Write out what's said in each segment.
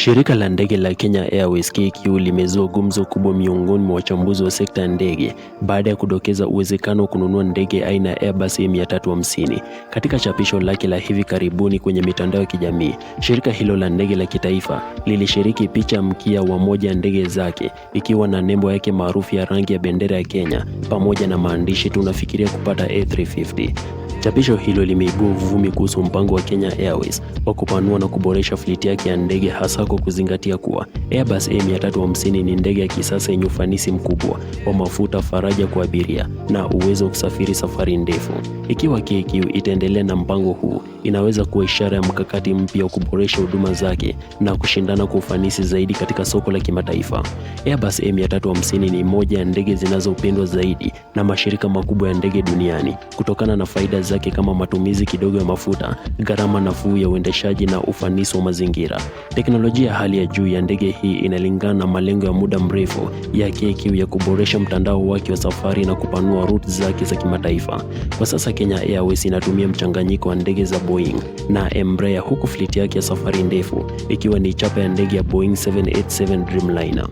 Shirika la ndege la Kenya Airways KQ limezua gumzo kubwa miongoni mwa wachambuzi wa sekta ya ndege baada ya kudokeza uwezekano wa kununua ndege aina ya Airbus A350. Katika chapisho lake la hivi karibuni kwenye mitandao ya kijamii, shirika hilo la ndege la kitaifa lilishiriki picha mkia wa moja ya ndege zake ikiwa na nembo yake maarufu ya rangi ya bendera ya Kenya pamoja na maandishi tunafikiria kupata A350. Chapisho hilo limeibua uvumi kuhusu mpango wa Kenya Airways wa kupanua na kuboresha fliti yake ya ndege hasa kwa kuzingatia kuwa Airbus A350 ni ndege ya kisasa yenye ufanisi mkubwa wa mafuta, faraja kwa abiria na uwezo wa kusafiri safari ndefu. Ikiwa KQ itaendelea na mpango huu, inaweza kuwa ishara ya mkakati mpya wa kuboresha huduma zake na kushindana kwa ufanisi zaidi katika soko la kimataifa. Airbus A350 ni moja ya ndege zinazopendwa zaidi na mashirika makubwa ya ndege duniani kutokana na faida zake kama matumizi kidogo ya mafuta, gharama nafuu ya uendeshaji na ufanisi wa mazingira. Teknolojia ya hali ya juu ya ndege hii inalingana na malengo ya muda mrefu ya KQ ya kuboresha mtandao wake wa safari na kupanua route zake za kimataifa. Kwa sasa Kenya Airways inatumia mchanganyiko wa ndege za Boeing na Embraer, huku fliti yake ya safari ndefu ikiwa ni chapa ya ndege ya Boeing 787 Dreamliner.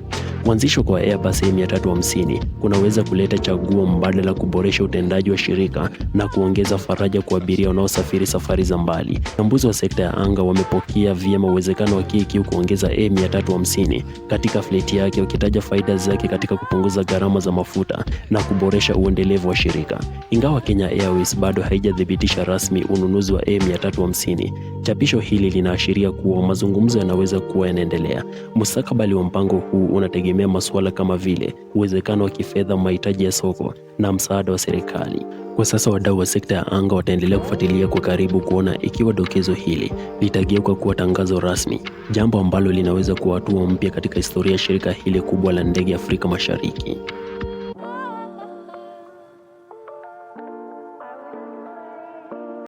Kuanzishwa kwa Airbus A350 kunaweza kuleta chaguo mbadala, kuboresha utendaji wa shirika na kuongeza faraja kwa abiria wanaosafiri safari za mbali. Wachambuzi wa sekta ya anga wamepokea vyema uwezekano wa KQ kuongeza A350 katika fleti yake, wakitaja faida zake katika kupunguza gharama za mafuta na kuboresha uendelevu wa shirika. Ingawa Kenya Airways bado haijathibitisha rasmi ununuzi wa A350, chapisho hili linaashiria kuwa mazungumzo yanaweza kuwa yanaendelea. Mustakabali wa mpango huu unategemea kutegemea masuala kama vile uwezekano wa kifedha, mahitaji ya soko na msaada wa serikali. Kwa sasa wadau wa sekta ya anga wataendelea kufuatilia kwa karibu kuona ikiwa dokezo hili litageuka kuwa tangazo rasmi, jambo ambalo linaweza kuwa hatua mpya katika historia ya shirika hili kubwa la ndege Afrika Mashariki.